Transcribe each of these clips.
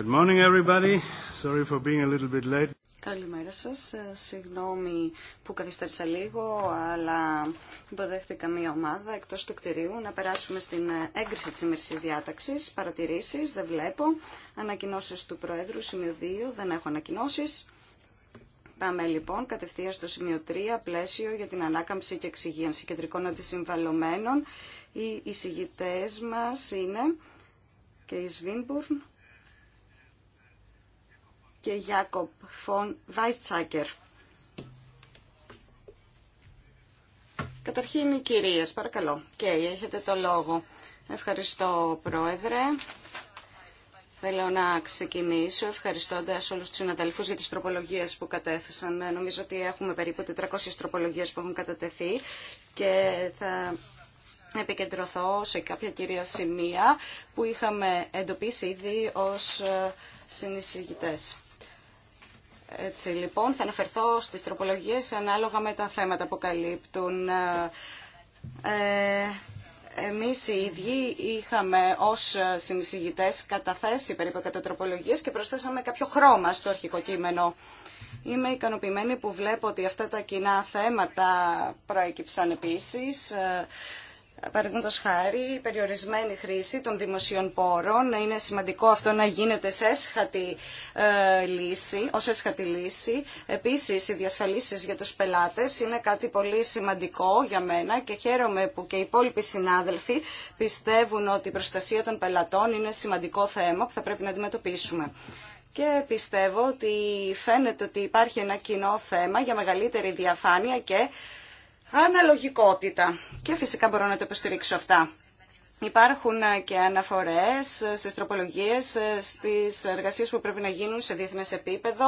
Good morning everybody. Sorry for being a little bit late. Καλημέρα σας. Ε, συγγνώμη που καθυστέρησα λίγο, αλλά υποδέχτηκα μία ομάδα εκτός του κτηρίου να περάσουμε στην ε, έγκριση της ημερησίας διάταξης. Παρατηρήσεις, δεν βλέπω. Ανακοινώσεις του Προέδρου, σημείο 2, δεν έχω ανακοινώσεις. Πάμε λοιπόν κατευθείαν στο σημείο 3, πλαίσιο για την ανάκαμψη και εξυγίανση κεντρικών αντισυμβαλωμένων. Οι εισηγητές μας είναι και η Σβίνμπουρν και Γιάκοπ Φον Βάιστσάκερ. Καταρχήν οι κυρίες, παρακαλώ. Και έχετε το λόγο. Ευχαριστώ, Πρόεδρε. Θέλω να ξεκινήσω ευχαριστώντα όλου του συναδέλφου για τι τροπολογίε που κατέθεσαν. Νομίζω ότι έχουμε περίπου 400 τροπολογίε που έχουν κατατεθεί και θα επικεντρωθώ σε κάποια κυρία σημεία που είχαμε εντοπίσει ήδη ως συνεισηγητές. Έτσι λοιπόν θα αναφερθώ στις τροπολογίες ανάλογα με τα θέματα που καλύπτουν. Ε, ε εμείς οι ίδιοι είχαμε ως συνεισηγητές καταθέσει περίπου 100 τροπολογίες και προσθέσαμε κάποιο χρώμα στο αρχικό κείμενο. Είμαι ικανοποιημένη που βλέπω ότι αυτά τα κοινά θέματα προέκυψαν επίσης ε, Παραδείγματο χάρη, η περιορισμένη χρήση των δημοσίων πόρων είναι σημαντικό αυτό να γίνεται σε έσχατη ε, λύση, ως έσχατη λύση. Επίσης, οι διασφαλίσει για του πελάτε είναι κάτι πολύ σημαντικό για μένα και χαίρομαι που και οι υπόλοιποι συνάδελφοι πιστεύουν ότι η προστασία των πελατών είναι σημαντικό θέμα που θα πρέπει να αντιμετωπίσουμε και πιστεύω ότι φαίνεται ότι υπάρχει ένα κοινό θέμα για μεγαλύτερη διαφάνεια και αναλογικότητα. Και φυσικά μπορώ να το υποστηρίξω αυτά. Υπάρχουν ε, και αναφορές ε, στις τροπολογίες, ε, στις εργασίες που πρέπει να γίνουν σε διεθνές επίπεδο,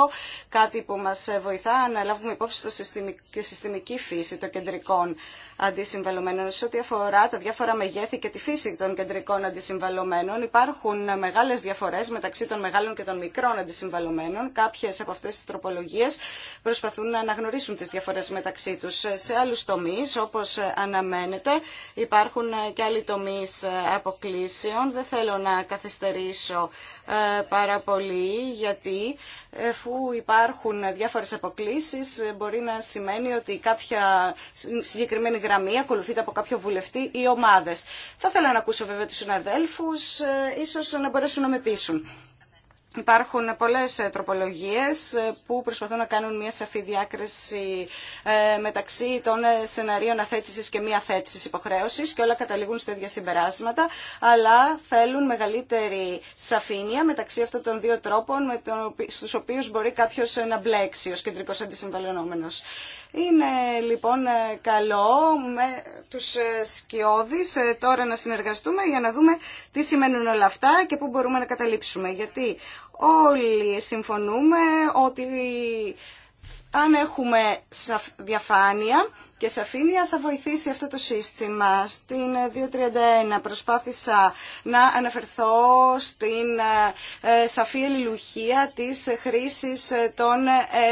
κάτι που μας βοηθά να λάβουμε υπόψη στο συστημική, συστημική φύση των κεντρικών αντισυμβαλωμένων. Σε ό,τι αφορά τα διάφορα μεγέθη και τη φύση των κεντρικών αντισυμβαλωμένων, υπάρχουν μεγάλες διαφορές μεταξύ των μεγάλων και των μικρών αντισυμβαλωμένων. Κάποιες από αυτές τις τροπολογίες προσπαθούν να αναγνωρίσουν τις διαφορές μεταξύ τους. Σε άλλου τομεί, όπως αναμένεται, υπάρχουν και άλλοι τομείς αποκλήσεων. Δεν θέλω να καθυστερήσω ε, πάρα πολύ γιατί εφού υπάρχουν διάφορες αποκλήσεις ε, μπορεί να σημαίνει ότι κάποια συγκεκριμένη γραμμή ακολουθείται από κάποιο βουλευτή ή ομάδες. Θα ήθελα να ακούσω βέβαια τους συναδέλφους, ε, ίσως να μπορέσουν να με πείσουν. Υπάρχουν πολλές ε, τροπολογίες ε, που προσπαθούν να κάνουν μια σαφή διάκριση ε, μεταξύ των σεναρίων αθέτησης και μη αθέτησης υποχρέωσης και όλα καταλήγουν στα ίδια συμπεράσματα, αλλά θέλουν μεγαλύτερη σαφήνεια μεταξύ αυτών των δύο τρόπων με τον, στους οποίους μπορεί κάποιος να μπλέξει ως κεντρικός αντισυμβαλωνόμενος. Είναι λοιπόν καλό με τους σκιώδεις τώρα να συνεργαστούμε για να δούμε τι σημαίνουν όλα αυτά και πού μπορούμε να καταλήψουμε. Γιατί Όλοι συμφωνούμε ότι αν έχουμε διαφάνεια και σαφήνεια θα βοηθήσει αυτό το σύστημα. Στην 2.31 ε, προσπάθησα να αναφερθώ στην ε, ε, σαφή ελληλουχία της χρήσης των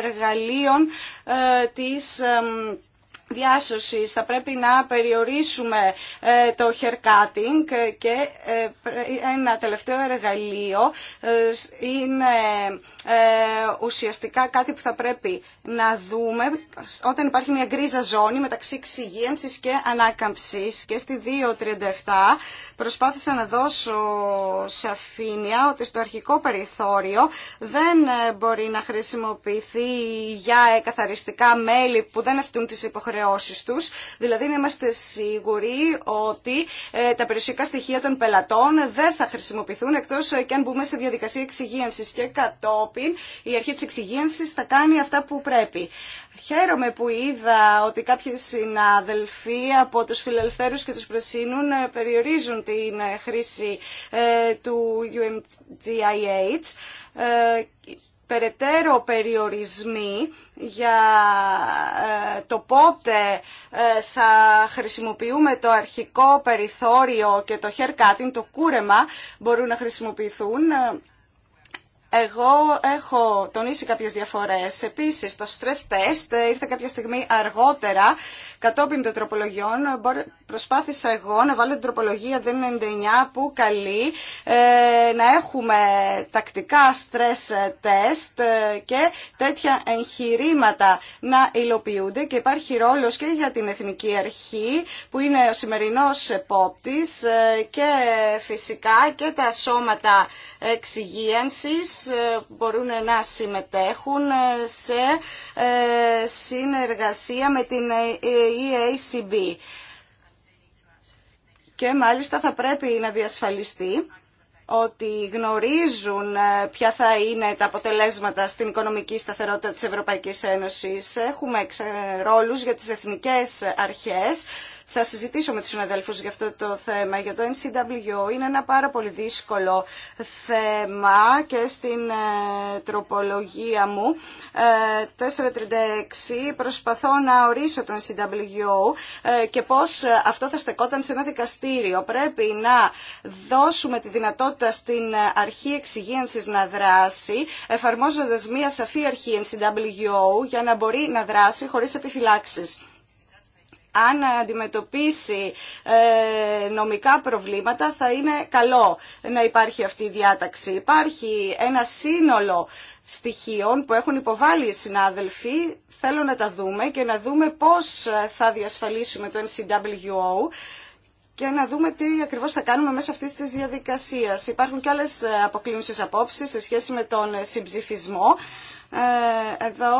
εργαλείων της διάσωση, θα πρέπει να περιορίσουμε ε, το hair cutting και ε, ένα τελευταίο εργαλείο ε, είναι ουσιαστικά κάτι που θα πρέπει να δούμε όταν υπάρχει μια γκρίζα ζώνη μεταξύ εξυγίανσης και ανάκαμψης και στη 2.37 προσπάθησα να δώσω σαφήνεια ότι στο αρχικό περιθώριο δεν μπορεί να χρησιμοποιηθεί για καθαριστικά μέλη που δεν ευθύνουν τις υποχρεώσεις υποχρεώσεις δηλαδή να είμαστε σίγουροι ότι ε, τα περιουσιακά στοιχεία των πελατών δεν θα χρησιμοποιηθούν εκτός ε, και αν μπούμε σε διαδικασία εξυγίανσης και κατόπιν η αρχή της εξυγίανσης θα κάνει αυτά που πρέπει. Χαίρομαι που είδα ότι κάποιοι συνάδελφοι από τους φιλελευθέρους και τους πρεσίνουν ε, περιορίζουν την χρήση του UMGIH περαιτέρω περιορισμοί για ε, το πότε ε, θα χρησιμοποιούμε το αρχικό περιθώριο και το haircutting, το κούρεμα, μπορούν να χρησιμοποιηθούν ε, εγώ έχω τονίσει κάποιες διαφορές. Επίσης, το stress test ήρθε κάποια στιγμή αργότερα, κατόπιν των τροπολογιών. Προσπάθησα εγώ να βάλω την τροπολογία δεν 99 που καλεί ε, να έχουμε τακτικά stress test ε, και τέτοια εγχειρήματα να υλοποιούνται και υπάρχει ρόλος και για την Εθνική Αρχή που είναι ο σημερινός επόπτης ε, και φυσικά και τα σώματα εξυγίανσης ε, μπορούν να συμμετέχουν ε, σε ε, συνεργασία με την EACB. Και μάλιστα θα πρέπει να διασφαλιστεί ότι γνωρίζουν ποια θα είναι τα αποτελέσματα στην οικονομική σταθερότητα της Ευρωπαϊκής Ένωσης. Έχουμε ρόλους για τις εθνικές αρχές θα συζητήσω με τους συναδέλφους για αυτό το θέμα. Για το NCWO είναι ένα πάρα πολύ δύσκολο θέμα και στην ε, τροπολογία μου 436 ε, προσπαθώ να ορίσω το NCWO ε, και πώς αυτό θα στεκόταν σε ένα δικαστήριο. Πρέπει να δώσουμε τη δυνατότητα στην αρχή εξυγίανσης να δράσει εφαρμόζοντας μια σαφή αρχή NCWO για να μπορεί να δράσει χωρίς επιφυλάξεις αν αντιμετωπίσει ε, νομικά προβλήματα θα είναι καλό να υπάρχει αυτή η διάταξη. Υπάρχει ένα σύνολο στοιχείων που έχουν υποβάλει οι συνάδελφοι. Θέλω να τα δούμε και να δούμε πώς θα διασφαλίσουμε το NCWO και να δούμε τι ακριβώ θα κάνουμε μέσω αυτή τη διαδικασία. Υπάρχουν και άλλε αποκλίνουσε απόψει σε σχέση με τον συμψηφισμό. Ε, εδώ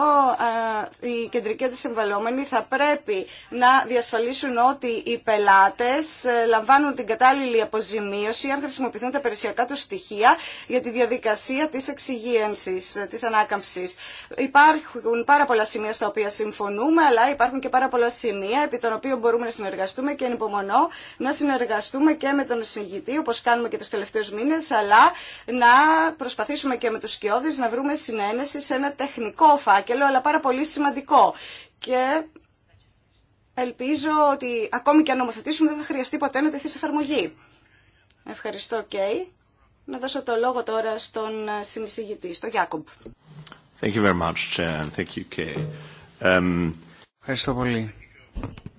ε, οι κεντρικοί αντισυμβαλόμενοι θα πρέπει να διασφαλίσουν ότι οι πελάτες ε, λαμβάνουν την κατάλληλη αποζημίωση αν χρησιμοποιηθούν τα περισσοκά του στοιχεία για τη διαδικασία της εξυγίανσης, της ανάκαμψης. Υπάρχουν πάρα πολλά σημεία στα οποία συμφωνούμε, αλλά υπάρχουν και πάρα πολλά σημεία επί των οποίων μπορούμε να συνεργαστούμε και ανυπομονώ να συνεργαστούμε και με τον συγγητή, όπως κάνουμε και τους τελευταίους μήνες, αλλά να προσπαθήσουμε και με τους σκιώδεις να βρούμε συνένεση σε ένα τεχνικό φάκελο, αλλά πάρα πολύ σημαντικό. Και ελπίζω ότι ακόμη και αν νομοθετήσουμε δεν θα χρειαστεί ποτέ να τεθεί σε εφαρμογή. Ευχαριστώ, Κέι. Να δώσω το λόγο τώρα στον ε, συνεισηγητή, στον Γιάκομπ. Ευχαριστώ πολύ.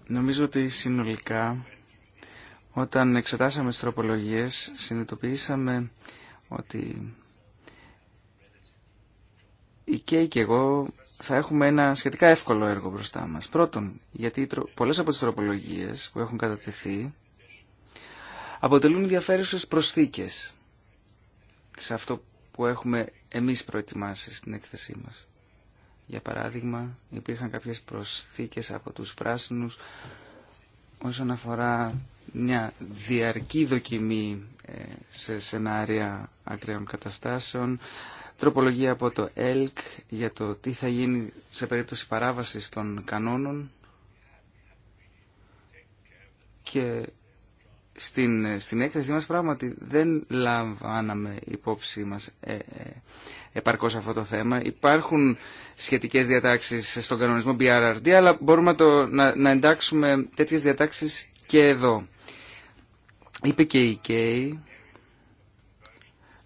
Νομίζω ότι συνολικά όταν εξετάσαμε τις τροπολογίες συνειδητοποιήσαμε ότι η Κέι και εγώ θα έχουμε ένα σχετικά εύκολο έργο μπροστά μας. Πρώτον, γιατί πολλές από τις τροπολογίες που έχουν κατατεθεί αποτελούν ενδιαφέρουσες προσθήκες σε αυτό που έχουμε εμείς προετοιμάσει στην έκθεσή μας. Για παράδειγμα, υπήρχαν κάποιες προσθήκες από τους πράσινους όσον αφορά μια διαρκή δοκιμή ε, σε σενάρια ακραίων καταστάσεων, Τροπολογία από το ΕΛΚ για το τι θα γίνει σε περίπτωση παράβασης των κανόνων και στην, στην έκθεση μας πράγματι δεν λαμβάναμε υπόψη μας ε, ε επαρκώς αυτό το θέμα. Υπάρχουν σχετικές διατάξεις στον κανονισμό BRRD, αλλά μπορούμε να, το, να, να εντάξουμε τέτοιες διατάξεις και εδώ. Είπε και η ΚΕΙ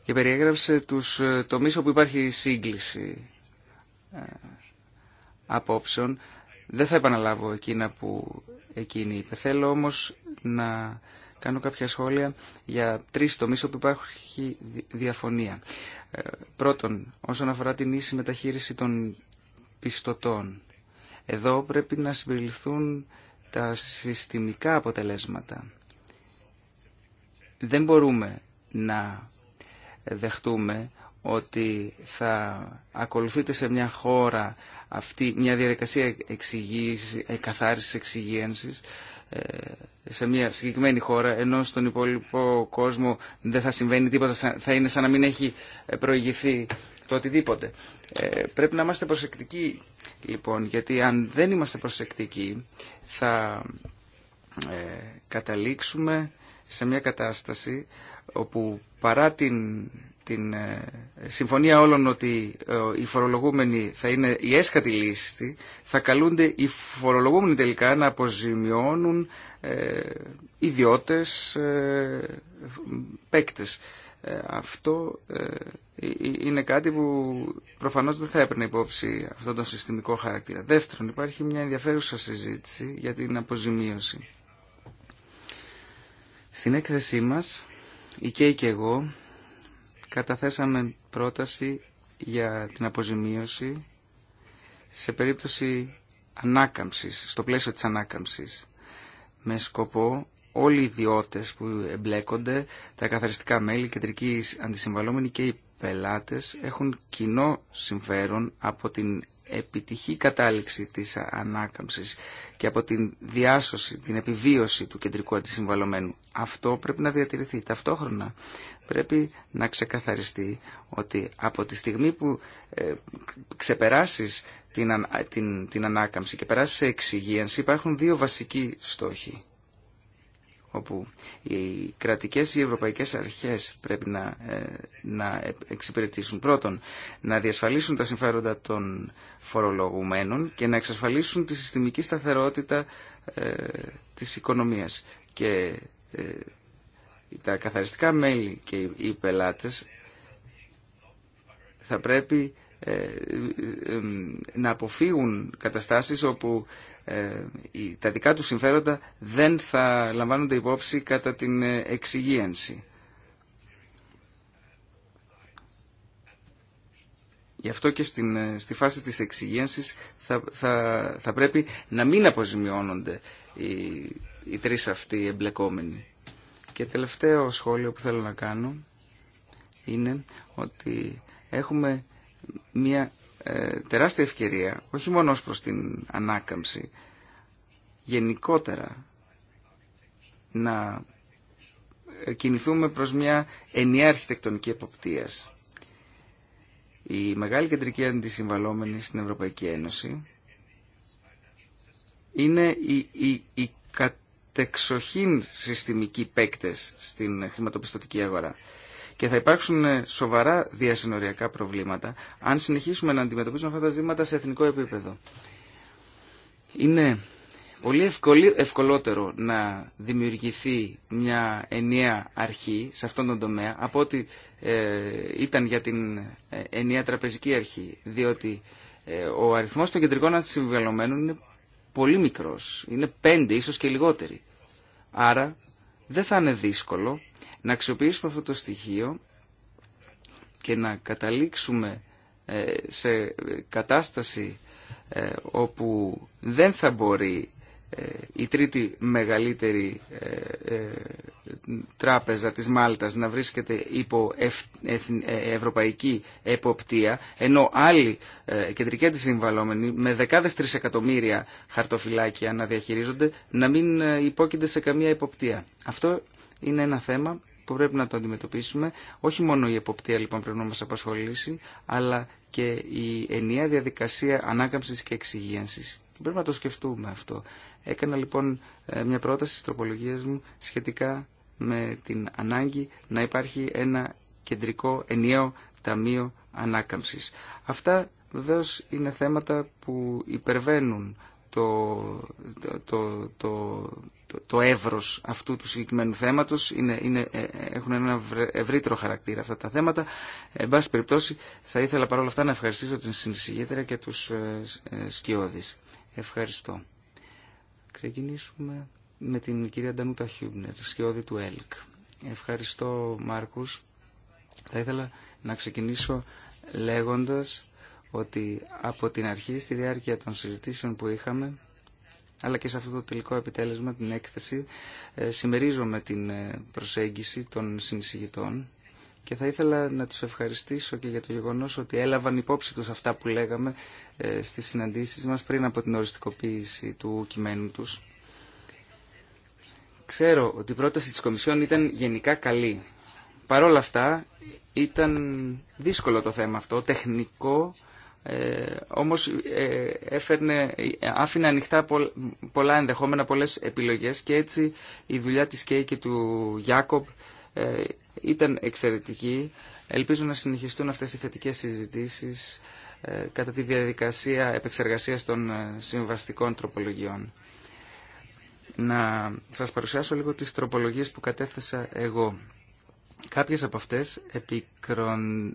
και περιέγραψε τους ε, τομείς όπου υπάρχει σύγκληση ε, απόψεων. Δεν θα επαναλάβω εκείνα που εκείνη είπε. Θέλω όμως να κάνω κάποια σχόλια για τρεις τομείς όπου υπάρχει διαφωνία. Ε, πρώτον, όσον αφορά την ίση μεταχείριση των πιστωτών. Εδώ πρέπει να συμπεριληφθούν τα συστημικά αποτελέσματα. Δεν μπορούμε να δεχτούμε ότι θα ακολουθείται σε μια χώρα αυτή μια διαδικασία εξιγής ε, καθάρισης ε, σε μια συγκεκριμένη χώρα ενώ στον υπόλοιπο κόσμο δεν θα συμβαίνει τίποτα, θα είναι σαν να μην έχει ε, προηγηθεί το οτιδήποτε. Πρέπει να είμαστε προσεκτικοί λοιπόν γιατί αν δεν είμαστε προσεκτικοί θα καταλήξουμε σε μια κατάσταση όπου παρά την, ε, συμφωνία όλων ότι ε, οι φορολογούμενοι θα είναι η έσχατη λύση θα καλούνται οι φορολογούμενοι τελικά να αποζημιώνουν ε, ιδιώτες ε, αυτό είναι κάτι που προφανώς δεν θα έπαιρνε υπόψη αυτόν τον συστημικό χαρακτήρα. Δεύτερον, υπάρχει μια ενδιαφέρουσα συζήτηση για την αποζημίωση. Στην έκθεσή μας η ΚΕΙ και εγώ καταθέσαμε πρόταση για την αποζημίωση σε περίπτωση ανάκαμψης, στο πλαίσιο της ανάκαμψης, με σκοπό όλοι οι ιδιώτες που εμπλέκονται, τα καθαριστικά μέλη, κεντρικοί αντισυμβαλόμενοι και οι πελάτες έχουν κοινό συμφέρον από την επιτυχή κατάληξη της ανάκαμψης και από την διάσωση, την επιβίωση του κεντρικού αντισυμβαλωμένου. Αυτό πρέπει να διατηρηθεί. Ταυτόχρονα πρέπει να ξεκαθαριστεί ότι από τη στιγμή που ε, ξεπεράσεις την, την, την ανάκαμψη και περάσεις σε εξυγίανση υπάρχουν δύο βασικοί στόχοι όπου οι κρατικές ή ευρωπαϊκές αρχές πρέπει να, ε, να εξυπηρετήσουν πρώτον να διασφαλίσουν τα συμφέροντα των φορολογουμένων και να εξασφαλίσουν τη συστημική σταθερότητα ε, της οικονομίας και ε, τα καθαριστικά μέλη και οι πελάτες θα πρέπει να αποφύγουν καταστάσεις όπου ε, τα δικά του συμφέροντα δεν θα λαμβάνονται υπόψη κατά την ε, εξυγίανση. Γι' αυτό και στην, ε, στη φάση της εξυγίανσης θα, θα, πρέπει να μην αποζημιώνονται οι, οι τρεις αυτοί εμπλεκόμενοι. Και τελευταίο σχόλιο που θέλω να κάνω είναι ότι έχουμε μια ε, τεράστια ευκαιρία, όχι μόνο ως προς την ανάκαμψη, γενικότερα να κινηθούμε προς μια ενιαία αρχιτεκτονική εποπτείας. Η μεγάλη κεντρική αντισυμβαλόμενη στην Ευρωπαϊκή Ένωση είναι η η, οι κατεξοχήν συστημικοί παίκτες στην χρηματοπιστωτική αγορά και θα υπάρξουν ε, σοβαρά διασυνοριακά προβλήματα αν συνεχίσουμε να αντιμετωπίσουμε αυτά τα ζήματα σε εθνικό επίπεδο. Είναι πολύ ευκολότερο να δημιουργηθεί μια ενιαία αρχή σε αυτόν τον τομέα από ό,τι ε, ήταν για την ε, ενιαία τραπεζική αρχή, διότι ο αριθμός των κεντρικών αντισυμβαλλωμένων είναι πολύ μικρός, είναι πέντε ίσως και λιγότεροι. Άρα δεν θα είναι δύσκολο να αξιοποιήσουμε αυτό το στοιχείο και να καταλήξουμε ε, σε κατάσταση ε, όπου δεν θα μπορεί ε, η τρίτη μεγαλύτερη τράπεζα της Μάλτας να βρίσκεται υπό ευρωπαϊκή εποπτεία ενώ άλλοι κεντρικοί της συμβαλόμενοι με δεκάδες τρισεκατομμύρια χαρτοφυλάκια να διαχειρίζονται να μην υπόκεινται σε καμία εποπτεία. Αυτό είναι ένα θέμα που πρέπει να το αντιμετωπίσουμε. Όχι μόνο η εποπτεία λοιπόν πρέπει να μας απασχολήσει, αλλά και η ενιαία διαδικασία ανάκαμψης και εξυγίανσης. Πρέπει να το σκεφτούμε αυτό. Έκανα λοιπόν ε, μια πρόταση στις τροπολογίες μου σχετικά με την ανάγκη να υπάρχει ένα κεντρικό ενιαίο ταμείο ανάκαμψης. Αυτά βεβαίως είναι θέματα που υπερβαίνουν το, το, αυτού του συγκεκριμένου θέματος είναι, ε, ε, έχουν ένα ευρύτερο χαρακτήρα αυτά τα θέματα. Ε, εν πάση περιπτώσει θα ήθελα παρόλα αυτά να ευχαριστήσω την συνεισηγήτρια και τους ε, Ευχαριστώ. Ξεκινήσουμε με την κυρία Ντανούτα Χιούμπνερ, σκιώδη του ΕΛΚ. Ευχαριστώ Μάρκους. Θα ήθελα να ξεκινήσω λέγοντας ότι από την αρχή στη διάρκεια των συζητήσεων που είχαμε αλλά και σε αυτό το τελικό επιτέλεσμα, την έκθεση, ε, συμμερίζομαι την ε, προσέγγιση των συνεισηγητών και θα ήθελα να τους ευχαριστήσω και για το γεγονός ότι έλαβαν υπόψη τους αυτά που λέγαμε ε, στις συναντήσεις μας πριν από την οριστικοποίηση του κειμένου τους. Ξέρω ότι η πρόταση της Κομισιόν ήταν γενικά καλή. Παρ' αυτά ήταν δύσκολο το θέμα αυτό, τεχνικό ε, όμως ε, έφερνε, άφηνε ανοιχτά πολλά ενδεχόμενα, πολλές επιλογές και έτσι η δουλειά της Κέι και του Γιάκοπ ε, ήταν εξαιρετική. Ελπίζω να συνεχιστούν αυτές οι θετικές συζητήσεις ε, κατά τη διαδικασία επεξεργασίας των συμβαστικών τροπολογιών. Να σας παρουσιάσω λίγο τις τροπολογίες που κατέθεσα εγώ. Κάποιες από αυτές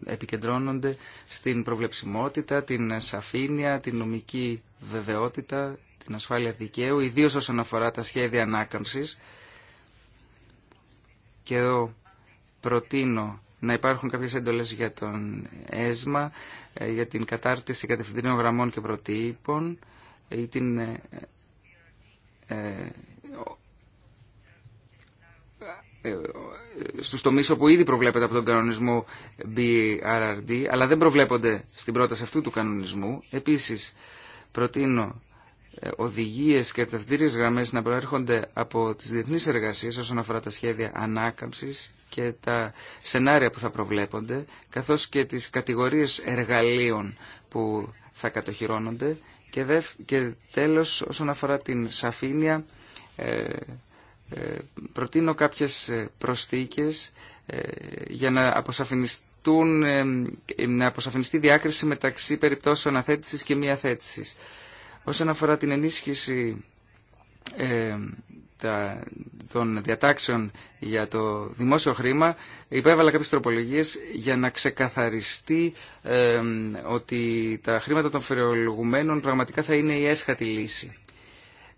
επικεντρώνονται στην προβλεψιμότητα, την σαφήνεια, την νομική βεβαιότητα, την ασφάλεια δικαίου, ιδίως όσον αφορά τα σχέδια ανάκαμψης. Και εδώ προτείνω να υπάρχουν κάποιες έντολες για τον ΕΣΜΑ, ε, για την κατάρτιση κατευθυντήριων γραμμών και προτύπων ε, ή την ε, ε, Στου τομεί όπου ήδη προβλέπεται από τον κανονισμό BRRD, αλλά δεν προβλέπονται στην πρόταση αυτού του κανονισμού. Επίσης, προτείνω ε, οδηγίες και τευτήριε γραμμέ να προέρχονται από τις διεθνείς εργασίες όσον αφορά τα σχέδια ανάκαμψης και τα σενάρια που θα προβλέπονται, καθώς και τις κατηγορίες εργαλείων που θα κατοχυρώνονται και, τέλος όσον αφορά την σαφήνεια ε, προτείνω κάποιες ε, προσθήκες ε, για να αποσαφινιστεί να αποσαφινιστεί διάκριση μεταξύ περιπτώσεων αθέτησης και μη αθέτησης. Όσον αφορά την ενίσχυση ε, των διατάξεων για το δημόσιο χρήμα υπέβαλα κάποιες τροπολογίες για να ξεκαθαριστεί ότι τα χρήματα των φορολογουμένων πραγματικά θα είναι η έσχατη λύση.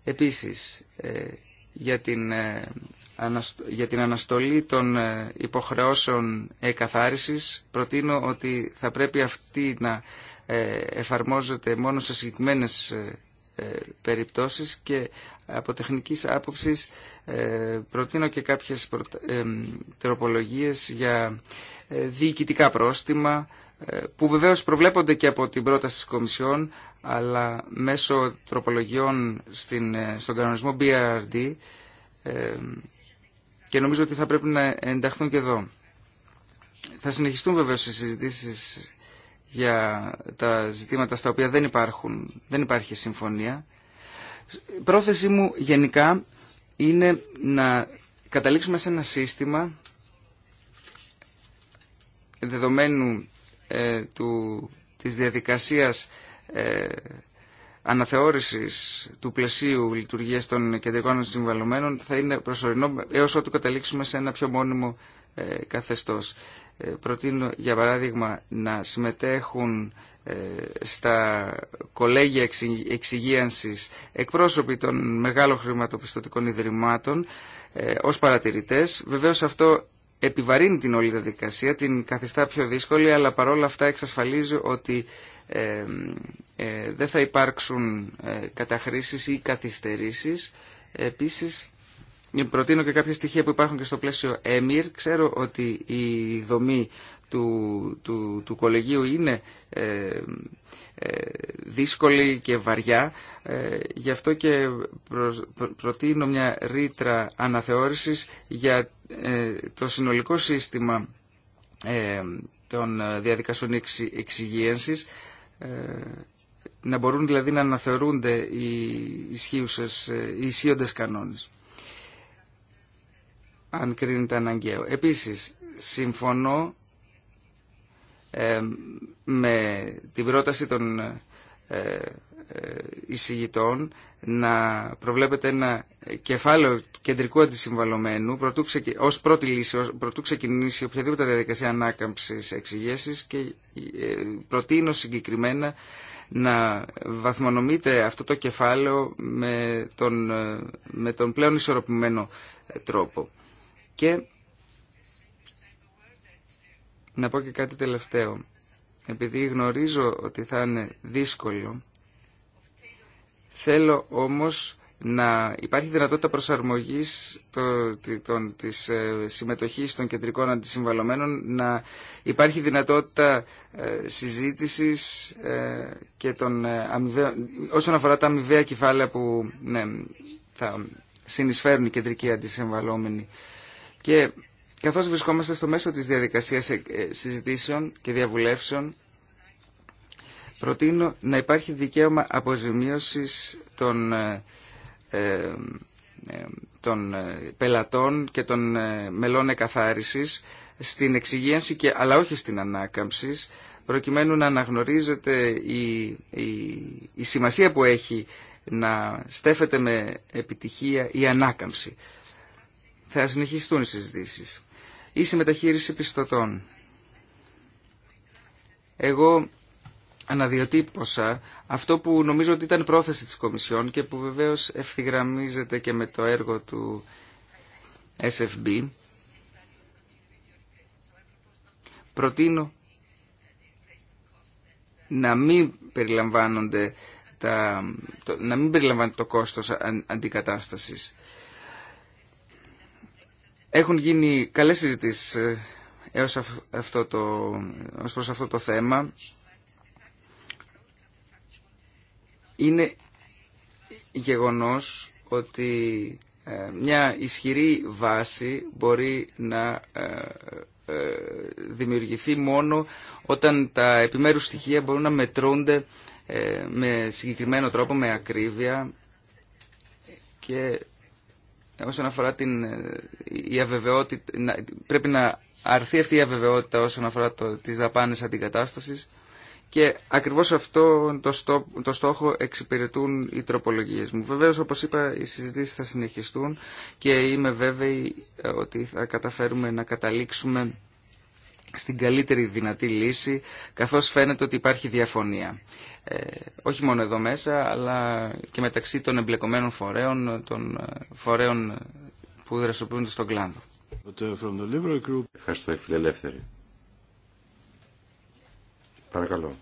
Επίσης, για την, ε, για την αναστολή των ε, υποχρεώσεων εκαθάρισης. Προτείνω ότι θα πρέπει αυτή να ε, εφαρμόζεται μόνο σε συγκεκριμένες περιπτώσεις και από τεχνικής άποψης προτείνω και κάποιες τροπολογίες για διοικητικά πρόστιμα που βεβαίως προβλέπονται και από την πρόταση της Κομισιόν αλλά μέσω τροπολογιών στην, ε, στον κανονισμό BRD ε, και νομίζω ότι θα πρέπει να ενταχθούν και εδώ. Θα συνεχιστούν βεβαίως οι συζητήσεις για τα ζητήματα στα οποία δεν, υπάρχουν, δεν υπάρχει συμφωνία. Η πρόθεσή μου γενικά είναι να καταλήξουμε σε ένα σύστημα δεδομένου ε, του, της διαδικασίας ε, αναθεώρησης του πλαισίου λειτουργίας των κεντρικών συμβαλωμένων θα είναι προσωρινό έως ότου καταλήξουμε σε ένα πιο μόνιμο ε, καθεστώς. Ε, προτείνω για παράδειγμα να συμμετέχουν ε, στα κολέγια εξυγίανσης εκπρόσωποι των μεγάλων χρηματοπιστωτικών ιδρυμάτων ε, ως παρατηρητές. Βεβαίως αυτό επιβαρύνει την όλη διαδικασία, την καθιστά πιο δύσκολη, αλλά παρόλα αυτά εξασφαλίζει ότι ε, ε, δεν θα υπάρξουν ε, καταχρήσεις ή καθυστερήσεις. Επίσης, προτείνω και κάποια στοιχεία που υπάρχουν και στο πλαίσιο ΕΜΙΡ. Ξέρω ότι η δομή του, του, του κολεγίου είναι ε, ε, δύσκολη και βαριά, ε, γι' αυτό και προτείνω μια ρήτρα αναθεώρησης για ε, το συνολικό σύστημα ε, των διαδικασιών εξυγίανσης να μπορούν δηλαδή να αναθεωρούνται οι ισχύουσες, οι ισχύοντες κανόνες αν κρίνεται αναγκαίο. Επίσης, συμφωνώ με την πρόταση των εισηγητών να προβλέπεται ένα κεφάλαιο κεντρικού αντισυμβαλωμένου ως πρώτη λύση, ως πρωτού ξεκινήσει οποιαδήποτε διαδικασία ανάκαμψης εξηγήσεις και ε, προτείνω συγκεκριμένα να βαθμονομείται αυτό το κεφάλαιο με τον, ε, με τον πλέον ισορροπημένο ε, τρόπο. Και να πω και κάτι τελευταίο. Επειδή γνωρίζω ότι θα είναι δύσκολο Θέλω όμως να υπάρχει δυνατότητα προσαρμογής το, των, της ε, συμμετοχής των κεντρικών αντισυμβαλωμένων, να υπάρχει δυνατότητα ε, συζήτησης ε, και των, όσον αφορά τα αμοιβαία κεφάλαια που ναι, θα συνεισφέρουν οι κεντρικοί αντισυμβαλόμενοι. Και καθώς βρισκόμαστε στο μέσο της διαδικασίας συζητήσεων και διαβουλεύσεων, προτείνω να υπάρχει δικαίωμα αποζημίωσης των, ε, ε, ε, των πελατών και των μελών εκαθάρισης στην εξυγίανση και, αλλά όχι στην ανάκαμψη προκειμένου να αναγνωρίζεται η, η, σημασία που έχει να στέφεται με επιτυχία η ανάκαμψη. Θα συνεχιστούν οι συζητήσεις. Η μεταχείριση πιστωτών. Εγώ αναδιοτύπωσα αυτό που νομίζω ότι ήταν πρόθεση της Κομισιόν και που βεβαίως ευθυγραμμίζεται και με το έργο του SFB. Προτείνω να μην περιλαμβάνονται τα, να μην περιλαμβάνεται το κόστος αν, αντικατάστασης. Έχουν γίνει καλές συζητήσεις ε, έως, αυτό το, ως προς αυτό το θέμα είναι γεγονός ότι ε, μια ισχυρή βάση μπορεί να ε, ε, δημιουργηθεί μόνο όταν τα επιμέρους στοιχεία μπορούν να μετρούνται με συγκεκριμένο τρόπο, με ακρίβεια και όσον αφορά την η αβεβαιότητα, πρέπει να αρθεί αυτή η αβεβαιότητα όσον αφορά το, τις δαπάνες αντικατάστασης και ακριβώς αυτό το, το στόχο εξυπηρετούν οι τροπολογίες μου. Βεβαίω, όπω είπα, οι συζητήσεις θα συνεχιστούν και είμαι βέβαιη ε, ότι θα καταφέρουμε να καταλήξουμε στην καλύτερη δυνατή λύση, καθώς φαίνεται ότι υπάρχει διαφωνία. Ε, όχι μόνο εδώ μέσα, αλλά και μεταξύ των εμπλεκομένων φορέων, των ε, φορέων που δραστηριοποιούνται στον κλάδο. Ευχαριστώ, φιλελεύθερη. Παρακαλώ.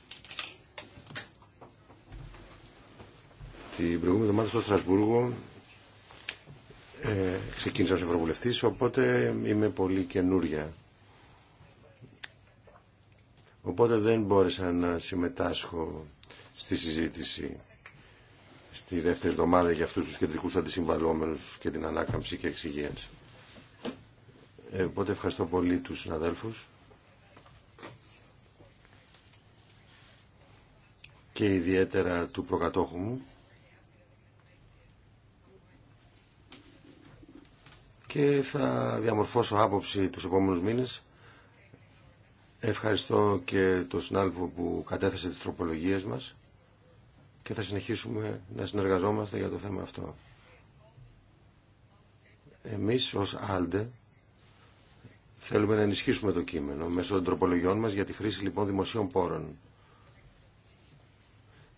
Την προηγούμενη εβδομάδα στο Στρασβούργο ε, ξεκίνησα ως Ευρωβουλευτής, οπότε είμαι πολύ καινούρια. Οπότε δεν μπόρεσα να συμμετάσχω στη συζήτηση στη δεύτερη εβδομάδα για αυτούς τους κεντρικούς αντισυμβαλόμενους και την ανάκαμψη και εξυγίανση. Ε, οπότε ευχαριστώ πολύ τους συναδέλφους και ιδιαίτερα του προκατόχου μου και θα διαμορφώσω άποψη τους επόμενους μήνες. Ευχαριστώ και τον συνάδελφο που κατέθεσε τις τροπολογίες μας και θα συνεχίσουμε να συνεργαζόμαστε για το θέμα αυτό. Εμείς ως Άλντε θέλουμε να ενισχύσουμε το κείμενο μέσω των τροπολογιών μας για τη χρήση λοιπόν δημοσίων πόρων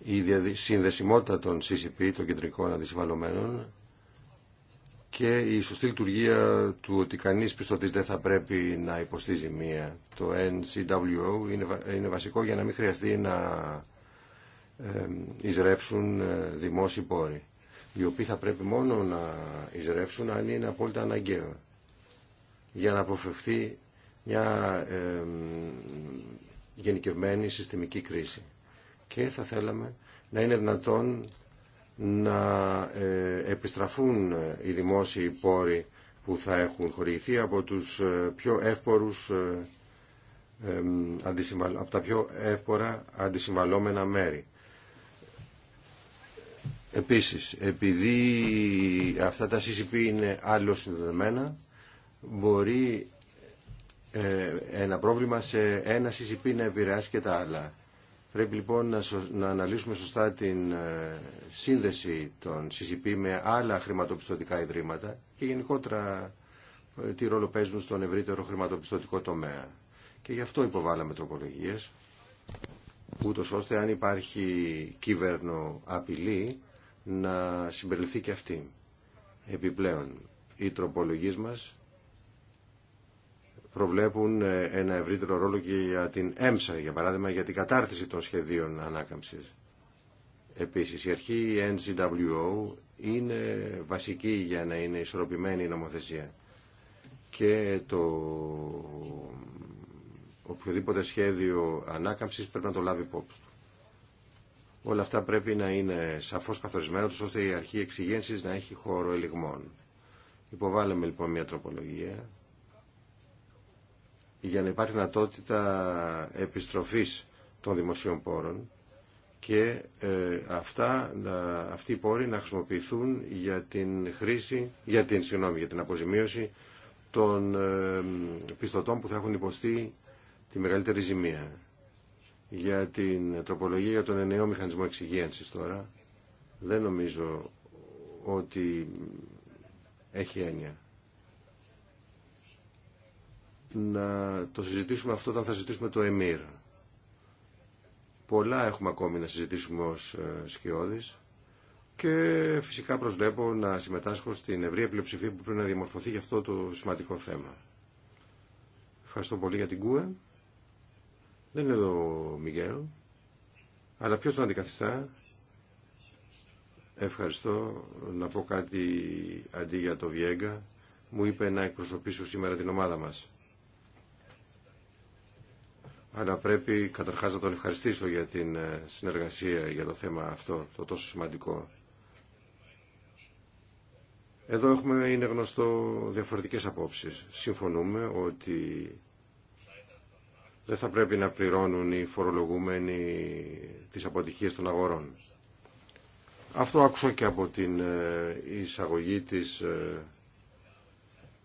η συνδεσιμότητα των CCP, των κεντρικών αντισυμβαλωμένων και η σωστή λειτουργία του ότι κανείς πιστωτής δεν θα πρέπει να υποστεί μία. Το NCWO είναι, είναι βασικό για να μην χρειαστεί να εισρεύσουν ε, δημόσιοι πόροι, οι οποίοι θα πρέπει μόνο να εισρεύσουν αν είναι απόλυτα αναγκαίο για να αποφευθεί μια ε, γενικευμένη συστημική κρίση και θα θέλαμε να είναι δυνατόν να ε, επιστραφούν ε, οι δημόσιοι πόροι που θα έχουν χορηγηθεί από τους ε, πιο εύπορους από τα πιο εύπορα αντισυμβαλόμενα μέρη. Επίσης, επειδή αυτά τα CCP είναι άλλο συνδεδεμένα, μπορεί ένα πρόβλημα σε ένα CCP να επηρεάσει και τα άλλα. Πρέπει λοιπόν να αναλύσουμε σωστά την ε, σύνδεση των CCP με άλλα χρηματοπιστωτικά ιδρύματα και γενικότερα ε, τι ρόλο παίζουν στον ευρύτερο χρηματοπιστωτικό τομέα. Και γι' αυτό υποβάλαμε τροπολογίες, ούτω ώστε αν υπάρχει κύβερνο απειλή να συμπεριληφθεί και αυτή. Επιπλέον, οι τροπολογίες μας προβλέπουν ε, ένα ευρύτερο ρόλο και για την ΕΜΣΑ, για παράδειγμα, για την κατάρτιση των σχεδίων ανάκαμψης. Επίσης, η αρχή NCWO είναι βασική για να είναι ισορροπημένη η νομοθεσία και το οποιοδήποτε σχέδιο ανάκαμψης πρέπει να το λάβει υπόψη του. Όλα αυτά πρέπει να είναι σαφώς καθορισμένα ώστε η αρχή εξηγένσης να έχει χώρο ελιγμών. Υποβάλλουμε λοιπόν μια τροπολογία για να υπάρχει δυνατότητα επιστροφής των δημοσίων πόρων και ε, αυτά, αυτοί οι πόροι να χρησιμοποιηθούν για την χρήση, για την, συγγνώμη, για την αποζημίωση των ε, πιστωτών που θα έχουν υποστεί τη μεγαλύτερη ζημία. Για την τροπολογία για τον ενιαίο μηχανισμό εξυγίανσης τώρα δεν νομίζω ότι έχει έννοια να το συζητήσουμε αυτό όταν θα συζητήσουμε το ΕΜΙΡ. Πολλά έχουμε ακόμη να συζητήσουμε ως ε, σκιώδης και φυσικά προσβλέπω να συμμετάσχω στην ευρία πλειοψηφία που πρέπει να διαμορφωθεί για αυτό το σημαντικό θέμα. Ευχαριστώ πολύ για την ΚΟΕ. Δεν είναι εδώ ο Μιγέλ. Αλλά ποιος τον αντικαθιστά. Ευχαριστώ να πω κάτι αντί για το Βιέγκα. Μου είπε να εκπροσωπήσω σήμερα την ομάδα μας αλλά πρέπει καταρχάς να τον ευχαριστήσω για την ε, συνεργασία για το θέμα αυτό, το τόσο σημαντικό. Εδώ έχουμε, είναι γνωστό, διαφορετικές απόψεις. Συμφωνούμε ότι δεν θα πρέπει να πληρώνουν οι φορολογούμενοι τις αποτυχίες των αγορών. Αυτό άκουσα και από την ε, εισαγωγή της ε,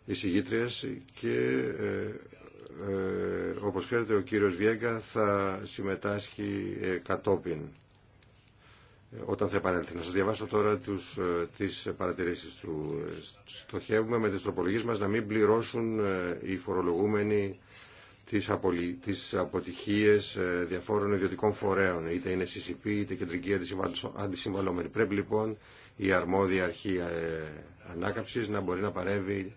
εισηγήτριας και όπως ξέρετε ο κύριος Βιέγκα θα συμμετάσχει ε, κατόπιν ε, όταν θα επανέλθει. Να σας διαβάσω τώρα τους, ε, τις παρατηρήσεις του. Στοχεύουμε με τις τροπολογίες μας να μην πληρώσουν οι φορολογούμενοι τις, απολυ... τις αποτυχίες διαφόρων ιδιωτικών φορέων, είτε είναι CCP είτε κεντρική αντισυμβαλόμενη. Πρέπει λοιπόν η αρμόδια αρχή ανάκαψης να μπορεί να παρεύει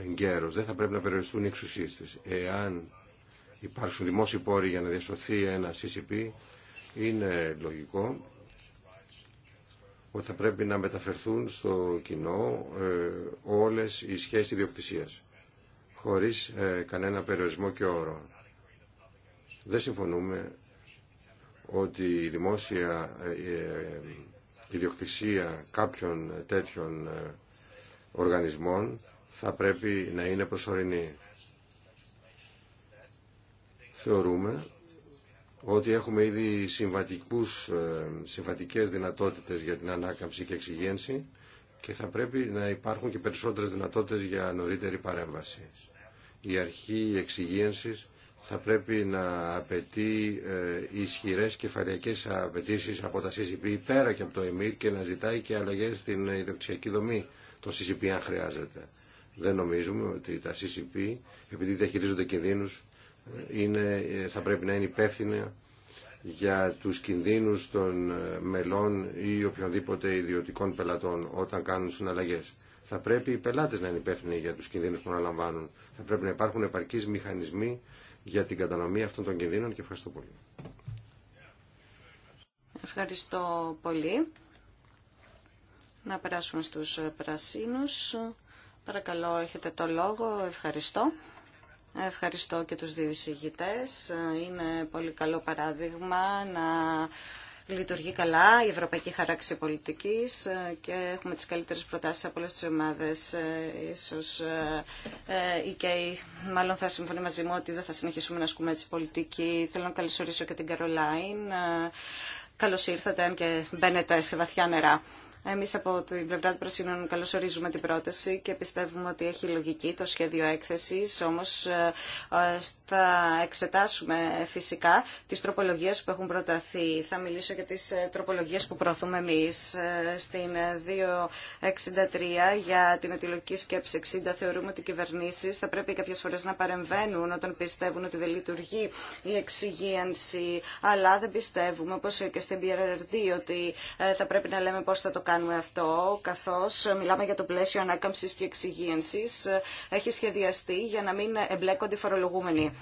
εγκαίρως. Δεν θα πρέπει να περιοριστούν οι εξουσίες της. Εάν υπάρξουν δημόσιοι πόροι για να διασωθεί ένα CCP, είναι λογικό ότι θα πρέπει να μεταφερθούν στο κοινό ε, όλες οι σχέσεις ιδιοκτησίας, χωρίς ε, κανένα περιορισμό και όρο. Δεν συμφωνούμε ότι η δημόσια ε, ιδιοκτησία κάποιων τέτοιων οργανισμών θα πρέπει να είναι προσωρινή θεωρούμε ότι έχουμε ήδη συμβατικούς, ε, συμβατικές δυνατότητες για την ανάκαμψη και εξυγένση και θα πρέπει να υπάρχουν και περισσότερες δυνατότητες για νωρίτερη παρέμβαση. Η αρχή εξυγένσης θα πρέπει να απαιτεί ε, ισχυρές κεφαλιακές απαιτήσει από τα CCP πέρα και από το ΕΜΗΡ και να ζητάει και αλλαγές στην ιδιοκτησιακή δομή το CCP αν χρειάζεται. Δεν νομίζουμε ότι τα CCP, επειδή διαχειρίζονται κινδύνους, είναι, θα πρέπει να είναι υπεύθυνα για τους κινδύνους των ε, μελών ή οποιονδήποτε ιδιωτικών πελατών όταν κάνουν συναλλαγές. Θα πρέπει οι πελάτες να είναι υπεύθυνοι για τους κινδύνους που αναλαμβάνουν. Θα πρέπει να υπάρχουν επαρκείς μηχανισμοί για την κατανομή αυτών των κινδύνων και ευχαριστώ πολύ. Ευχαριστώ πολύ. Να περάσουμε στους πρασίνους. Παρακαλώ, έχετε το λόγο. Ευχαριστώ. Ευχαριστώ και τους δύο εισηγητές. Είναι πολύ καλό παράδειγμα να λειτουργεί καλά η ευρωπαϊκή χαράξη πολιτικής και έχουμε τις καλύτερες προτάσεις από όλες τις ομάδες. Ίσως ε, ε, η ΚΕΙ μάλλον θα συμφωνεί μαζί μου ότι δεν θα συνεχίσουμε να ασκούμε έτσι πολιτική. Θέλω να καλωσορίσω και την Καρολάιν. Καλώς ήρθατε, αν και μπαίνετε σε βαθιά νερά. Εμεί από την πλευρά του Πρασίνων καλωσορίζουμε την πρόταση και πιστεύουμε ότι έχει λογική το σχέδιο έκθεση. Όμω ε, θα εξετάσουμε φυσικά τι τροπολογίε που έχουν προταθεί. Θα μιλήσω για τι ε, τροπολογίε που προωθούμε εμεί. Ε, στην 263 για την αιτιολογική σκέψη 60. Θεωρούμε ότι οι κυβερνήσει θα πρέπει κάποιε φορέ να παρεμβαίνουν όταν πιστεύουν ότι δεν λειτουργεί η εξυγίανση, αλλά δεν πιστεύουμε, όπως και στην BRRD, ότι θα πρέπει να λέμε πώ θα το κάνουμε κάνουμε αυτό, καθώς μιλάμε για το πλαίσιο ανάκαμψης και εξυγίανσης, ε, έχει σχεδιαστεί για να μην εμπλέκονται οι φορολογούμενοι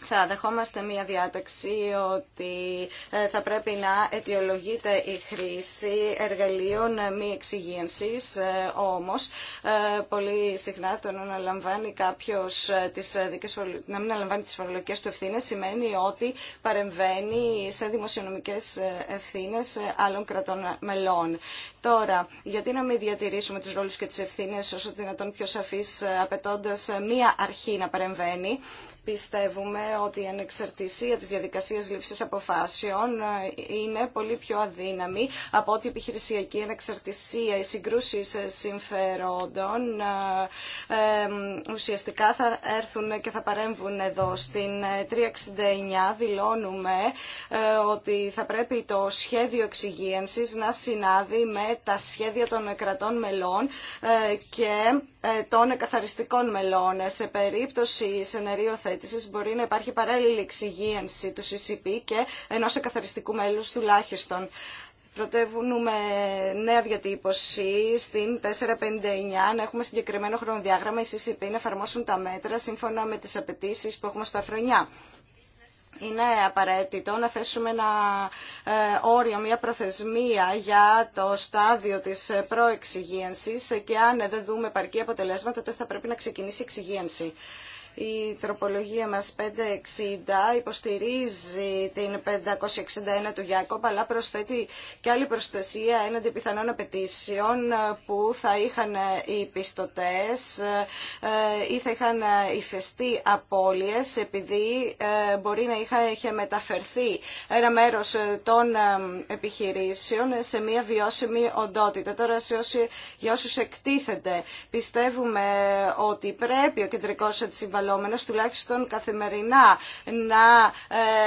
θα δεχόμαστε μία διάταξη ότι ε, θα πρέπει να αιτιολογείται η χρήση εργαλείων μη εξυγίανσης, ε, όμως ε, πολύ συχνά το να αναλαμβάνει κάποιος τις δικές, να μην αναλαμβάνει τις φορολογικές του ευθύνες σημαίνει ότι παρεμβαίνει σε δημοσιονομικές ευθύνες άλλων κρατών μελών. Τώρα, γιατί να μην διατηρήσουμε του ρόλους και τις ευθύνες όσο δυνατόν πιο σαφείς απαιτώντα μία αρχή να παρεμβαίνει Πιστεύουμε ότι η ανεξαρτησία της διαδικασίας λήψης αποφάσεων ε, είναι πολύ πιο αδύναμη από ότι η επιχειρησιακή ανεξαρτησία, οι συγκρούσει ε, συμφερόντων ε, ουσιαστικά θα έρθουν και θα παρέμβουν εδώ. Στην 369 δηλώνουμε ότι θα πρέπει το σχέδιο εξυγίανσης να συνάδει με τα σχέδια των κρατών μελών και ε, των εκαθαριστικών μελών. Ε, σε περίπτωση σενερίου μπορεί να υπάρχει παράλληλη εξυγίανση του CCP και ενό εκαθαριστικού μέλου τουλάχιστον. Πρωτεύουμε νέα διατύπωση στην 459 να έχουμε συγκεκριμένο χρονοδιάγραμμα οι CCP να εφαρμόσουν τα μέτρα σύμφωνα με τι απαιτήσει που έχουμε στα άρθρο είναι απαραίτητο να θέσουμε ένα ε, όριο, μια προθεσμία για το στάδιο της προεξυγίανσης και αν δεν δούμε παρκή αποτελέσματα τότε θα πρέπει να ξεκινήσει η εξυγίανση. Η τροπολογία μας 560 υποστηρίζει την 561 του Γιάκοπ, αλλά προσθέτει και άλλη προστασία έναντι πιθανών απαιτήσεων που θα είχαν οι πιστωτές ε, ή θα είχαν υφεστεί απώλειες επειδή ε, μπορεί να είχε μεταφερθεί ένα μέρος ε, των επιχειρήσεων σε μια βιώσιμη οντότητα. Τώρα σε για όσους εκτίθεται πιστεύουμε ότι πρέπει ο κεντρικός της τουλάχιστον καθημερινά να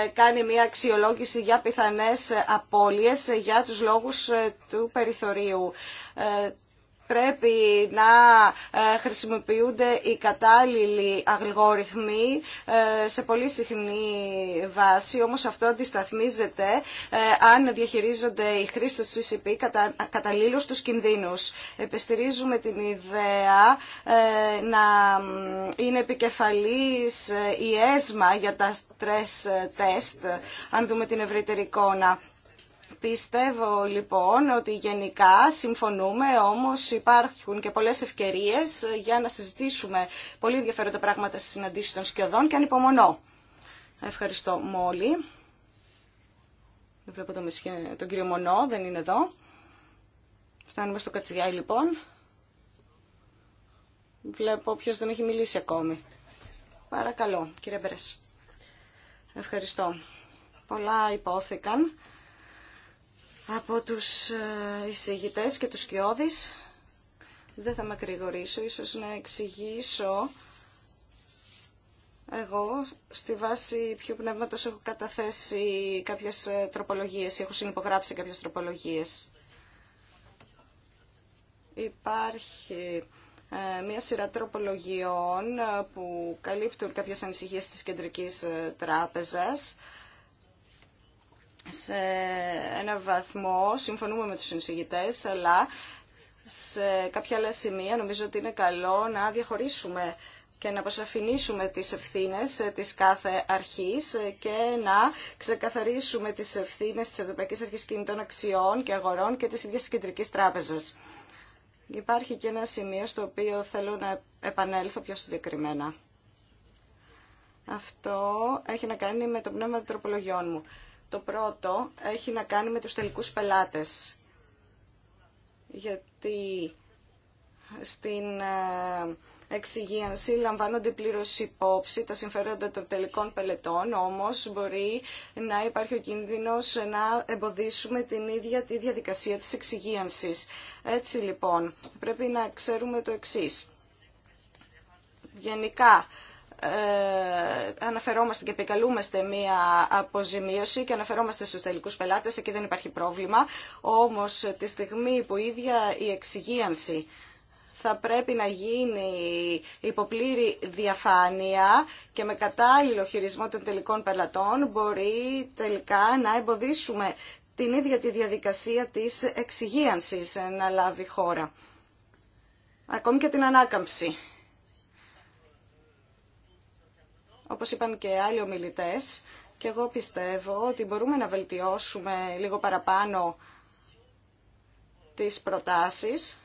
ε, κάνει μια αξιολόγηση για πιθανές απώλειες για τους λόγους ε, του περιθωρίου. Ε, πρέπει να ε, χρησιμοποιούνται οι κατάλληλοι αλγόριθμοι ε, σε πολύ συχνή βάση, όμως αυτό αντισταθμίζεται ε, αν διαχειρίζονται οι χρήστες του ECP κατα, καταλήλως τους κινδύνους. Επιστηρίζουμε την ιδέα να είναι επικεφαλής η ΕΣΜΑ για τα stress test, αν δούμε την ευρύτερη εικόνα. Πιστεύω λοιπόν ότι γενικά συμφωνούμε, όμως υπάρχουν και πολλές ευκαιρίες για να συζητήσουμε πολύ ενδιαφέροντα πράγματα στις συναντήσεις των σκιωδών και ανυπομονώ. Ευχαριστώ μόλι. Δεν βλέπω τον, τον κύριο Μονό, δεν είναι εδώ. Φτάνουμε στο Κατσιγιάι λοιπόν. Βλέπω ποιος δεν έχει μιλήσει ακόμη. Παρακαλώ, κύριε Μπερές. Ευχαριστώ. Πολλά υπόθηκαν από τους ε, εισηγητές και τους κοιόδης. Δεν θα με ίσως να εξηγήσω εγώ στη βάση ποιου πνεύματος έχω καταθέσει κάποιες ε, τροπολογίες ή έχω συνυπογράψει κάποιες τροπολογίες. Υπάρχει ε, μια σειρά τροπολογιών που καλύπτουν κάποιες ανησυχίες της Κεντρικής Τράπεζας σε ένα βαθμό συμφωνούμε με τους συνεισηγητές, αλλά σε κάποια άλλα σημεία νομίζω ότι είναι καλό να διαχωρίσουμε και να αποσαφηνίσουμε τις ευθύνες της κάθε αρχής και να ξεκαθαρίσουμε τις ευθύνες της Ευρωπαϊκής Αρχής Κινητών Αξιών και Αγορών και της ίδιας της Κεντρικής Τράπεζας. Υπάρχει και ένα σημείο στο οποίο θέλω να επανέλθω πιο συγκεκριμένα. Αυτό έχει να κάνει με το πνεύμα των τροπολογιών μου. Το πρώτο έχει να κάνει με τους τελικούς πελάτες. Γιατί στην ε, εξυγίανση λαμβάνονται πλήρω υπόψη τα συμφέροντα των τελικών πελετών, όμως μπορεί να υπάρχει ο κίνδυνος να εμποδίσουμε την ίδια τη διαδικασία της εξυγίανσης. Έτσι λοιπόν, πρέπει να ξέρουμε το εξής. Γενικά, ε, αναφερόμαστε και επικαλούμαστε μία αποζημίωση και αναφερόμαστε στους τελικούς πελάτες, εκεί δεν υπάρχει πρόβλημα. Όμως τη στιγμή που η ίδια η εξυγίανση θα πρέπει να γίνει υποπλήρη διαφάνεια και με κατάλληλο χειρισμό των τελικών πελατών μπορεί τελικά να εμποδίσουμε την ίδια τη διαδικασία της εξυγίανσης να λάβει χώρα. Ακόμη και την ανάκαμψη. όπως είπαν και άλλοι ομιλητές, και εγώ πιστεύω ότι μπορούμε να βελτιώσουμε λίγο παραπάνω τις προτάσεις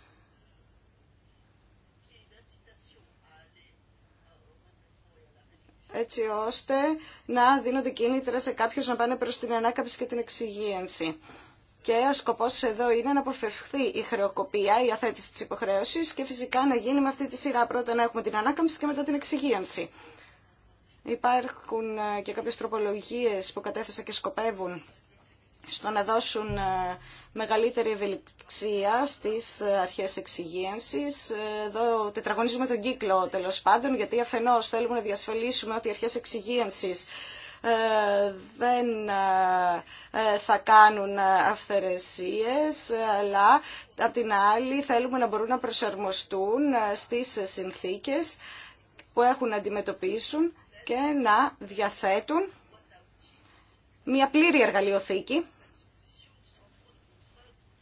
έτσι ώστε να δίνονται κίνητρα σε κάποιους να πάνε προς την ανάκαμψη και την εξυγίανση. Και ο σκοπός εδώ είναι να αποφευχθεί η χρεοκοπία, η αθέτηση της υποχρέωσης και φυσικά να γίνει με αυτή τη σειρά πρώτα να έχουμε την ανάκαμψη και μετά την εξυγίανση. Υπάρχουν ε, και κάποιες τροπολογίες που κατέθεσα και σκοπεύουν στο να δώσουν ε, μεγαλύτερη ευελιξία στις ε, αρχές εξυγίανσης. Εδώ τετραγωνίζουμε τον κύκλο τέλος πάντων, γιατί αφενός θέλουμε να διασφαλίσουμε ότι οι αρχές εξυγίανσης δεν θα κάνουν αυθαιρεσίες, αλλά απ' την άλλη θέλουμε να μπορούν να προσαρμοστούν στις συνθήκες που έχουν να αντιμετωπίσουν και να διαθέτουν μια πλήρη εργαλειοθήκη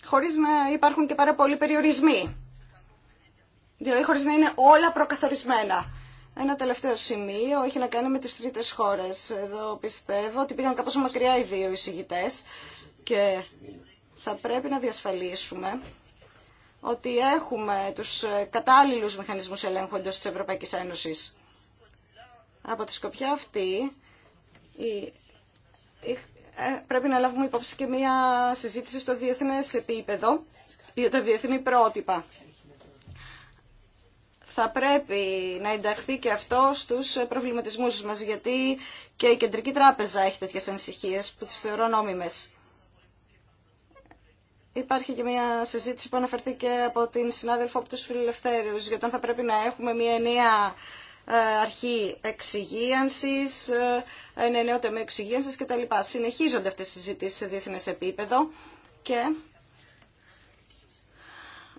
χωρίς να υπάρχουν και πάρα πολλοί περιορισμοί. Δηλαδή χωρίς να είναι όλα προκαθορισμένα. Ένα τελευταίο σημείο έχει να κάνει με τις τρίτες χώρες. Εδώ πιστεύω ότι πήγαν κάπως μακριά οι δύο εισηγητές και θα πρέπει να διασφαλίσουμε ότι έχουμε τους κατάλληλους μηχανισμούς ελέγχου εντός της Ευρωπαϊκής Ένωσης. Από τη σκοπιά αυτή ε, πρέπει να λάβουμε υπόψη και μία συζήτηση στο διεθνές επίπεδο για τα διεθνή πρότυπα. Θα πρέπει να ενταχθεί και αυτό στους προβληματισμούς μας, γιατί και η Κεντρική Τράπεζα έχει τέτοιες ανησυχίες που τις θεωρώ νόμιμες. Υπάρχει και μια συζήτηση που αναφερθήκε μια συζητηση που και απο την συνάδελφο από τους Φιλελευθέριους για αν θα πρέπει να έχουμε μια ενιαία ε, αρχή εξυγίανσης, ε, ένα νέο και τα κτλ. Συνεχίζονται αυτές οι συζητήσεις σε διεθνές επίπεδο και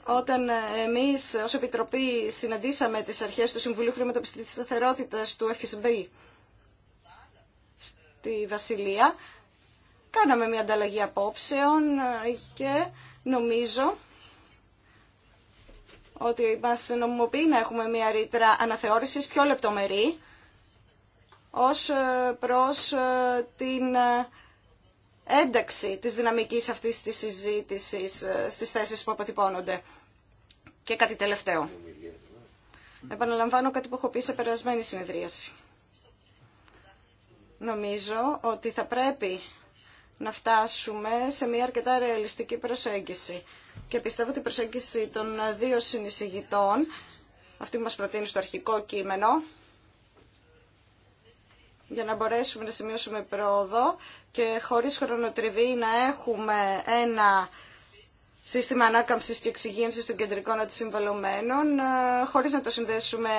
όταν εμείς ως Επιτροπή συναντήσαμε τις αρχές του Συμβουλίου Χρηματοπιστήτης Σταθερότητας του FSB στη Βασιλεία, κάναμε μια ανταλλαγή απόψεων ε, και νομίζω ότι μα νομιμοποιεί να έχουμε μια ρήτρα αναθεώρησης πιο λεπτομερή ως ε, προς ε, την ε, ένταξη της δυναμικής αυτής της συζήτησης στις θέσεις που αποτυπώνονται. Και κάτι τελευταίο. Επαναλαμβάνω κάτι που έχω πει σε περασμένη συνεδρίαση. Νομίζω ότι θα πρέπει να φτάσουμε σε μια αρκετά ρεαλιστική προσέγγιση και πιστεύω ότι η προσέγγιση των δύο συνεισηγητών, αυτή που μας προτείνει στο αρχικό κείμενο, για να μπορέσουμε να σημειώσουμε πρόοδο και χωρίς χρονοτριβή να έχουμε ένα σύστημα ανάκαμψης και εξυγίανσης των κεντρικών αντισυμβαλωμένων, ε, χωρίς να το συνδέσουμε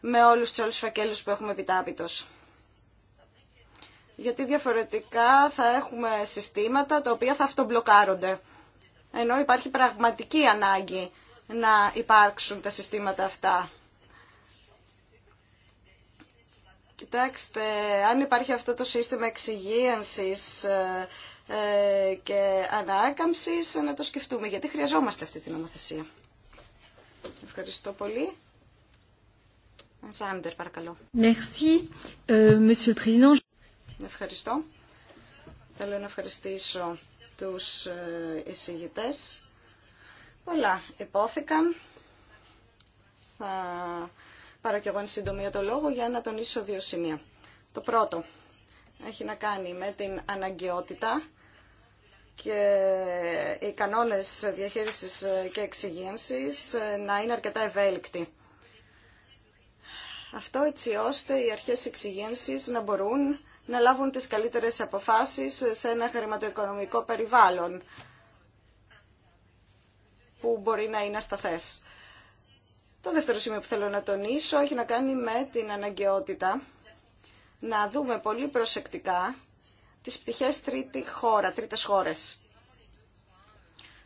με όλους τους άλλους φακέλους που έχουμε επιτάπητος. Γιατί διαφορετικά θα έχουμε συστήματα τα οποία θα αυτομπλοκάρονται ενώ υπάρχει πραγματική ανάγκη να υπάρξουν τα συστήματα αυτά. Κοιτάξτε, αν υπάρχει αυτό το σύστημα εξυγίανσης ε, ε, και ανάκαμψης, να το σκεφτούμε, γιατί χρειαζόμαστε αυτή την ομοθεσία. Ευχαριστώ πολύ. Σάντερ, παρακαλώ. Merci, euh, Monsieur le Ευχαριστώ. Θέλω να ευχαριστήσω τους ε, εισηγητές. Πολλά υπόθηκαν. Θα πάρω κι εγώ εν συντομία το λόγο για να τονίσω δύο σημεία. Το πρώτο έχει να κάνει με την αναγκαιότητα και οι κανόνες διαχείρισης και εξυγίανσης ε, να είναι αρκετά ευέλικτοι. Αυτό έτσι ώστε οι αρχές εξυγένσης να μπορούν να λάβουν τις καλύτερες αποφάσεις σε ένα χρηματοοικονομικό περιβάλλον που μπορεί να είναι ασταθές. Το δεύτερο σημείο που θέλω να τονίσω έχει να κάνει με την αναγκαιότητα να δούμε πολύ προσεκτικά τις πτυχές τρίτη χώρα, τρίτες χώρες.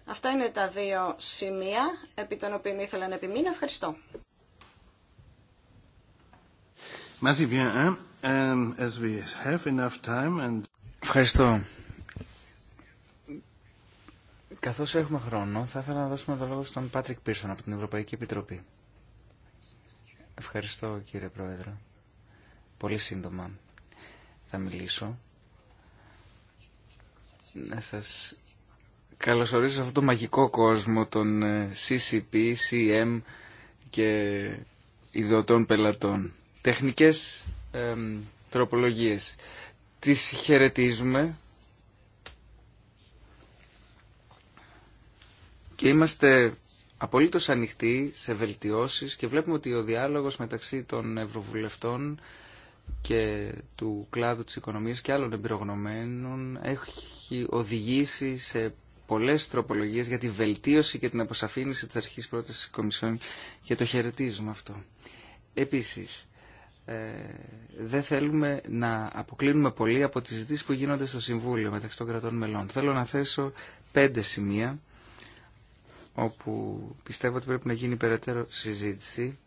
Αυτά είναι τα δύο σημεία επί των οποίων ήθελα να επιμείνω. Ευχαριστώ. Ευχαριστώ. Καθώς έχουμε χρόνο, θα ήθελα να δώσουμε το λόγο στον Πάτρικ Πίρσον από την Ευρωπαϊκή Επιτροπή. Ευχαριστώ κύριε Πρόεδρε. Πολύ σύντομα θα μιλήσω. Να σας καλωσορίσω σε αυτό το μαγικό κόσμο των ε, CCP, CM και ιδιωτών πελατών. Τεχνικές ε, τροπολογίες. Τις χαιρετίζουμε και είμαστε απολύτως ανοιχτοί σε βελτιώσεις και βλέπουμε ότι ο διάλογος μεταξύ των ευρωβουλευτών και του κλάδου της οικονομίας και άλλων εμπειρογνωμένων έχει οδηγήσει σε πολλές τροπολογίες για τη βελτίωση και την αποσαφήνιση της αρχής πρότασης της Κομισιόν και το χαιρετίζουμε αυτό. Επίσης, ε, δεν θέλουμε να αποκλίνουμε πολύ από τις ζητήσεις που γίνονται στο Συμβούλιο μεταξύ των κρατών μελών. Θέλω να θέσω πέντε σημεία όπου πιστεύω ότι πρέπει να γίνει περαιτέρω συζήτηση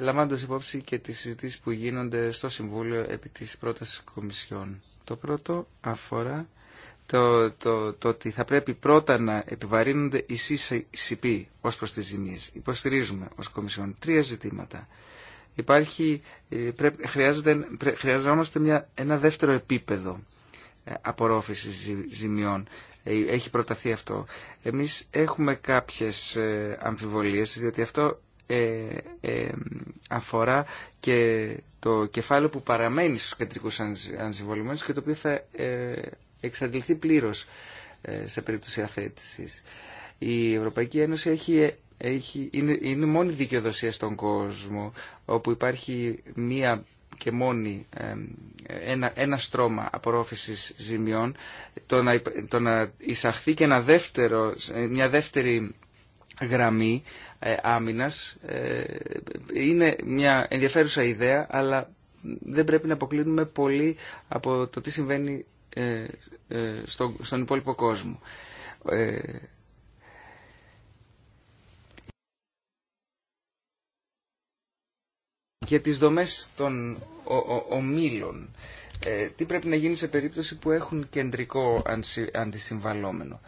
λαμβάνοντας υπόψη και τις συζητήσεις που γίνονται στο Συμβούλιο επί της πρότασης Κομισιόν. Το πρώτο αφορά το, το, το ότι θα πρέπει πρώτα να επιβαρύνονται οι CCP ως προς τις ζημίες. Υποστηρίζουμε ως Κομισιόν τρία ζητήματα. Υπάρχει, ε, χρειάζεται, χρειαζόμαστε μια, ένα δεύτερο επίπεδο ε, απορρόφησης ζημιών. Ε, έχει προταθεί αυτό. Εμείς έχουμε κάποιες αμφιβολίες, διότι αυτό αφορά και το κεφάλαιο που παραμένει στους κεντρικούς ανζυμβολημένου και το οποίο θα εξαντληθεί πλήρως σε περίπτωση αθέτησης. Η Ευρωπαϊκή Ένωση έχει έχει, είναι, είναι μόνη δικαιοδοσία στον κόσμο όπου υπάρχει μία και μόνη ένα, ένα στρώμα απορρόφησης ζημιών το να, το να εισαχθεί και ένα δεύτερο, μια δεύτερη γραμμή ε, άμυνας ε, είναι μια ενδιαφέρουσα ιδέα αλλά δεν πρέπει να αποκλίνουμε πολύ από το τι συμβαίνει ε, ε, στον υπόλοιπο κόσμο. για τις δομές των ομίλων. Ε, τι πρέπει να γίνει σε περίπτωση που έχουν κεντρικό αντισυμβαλόμενο.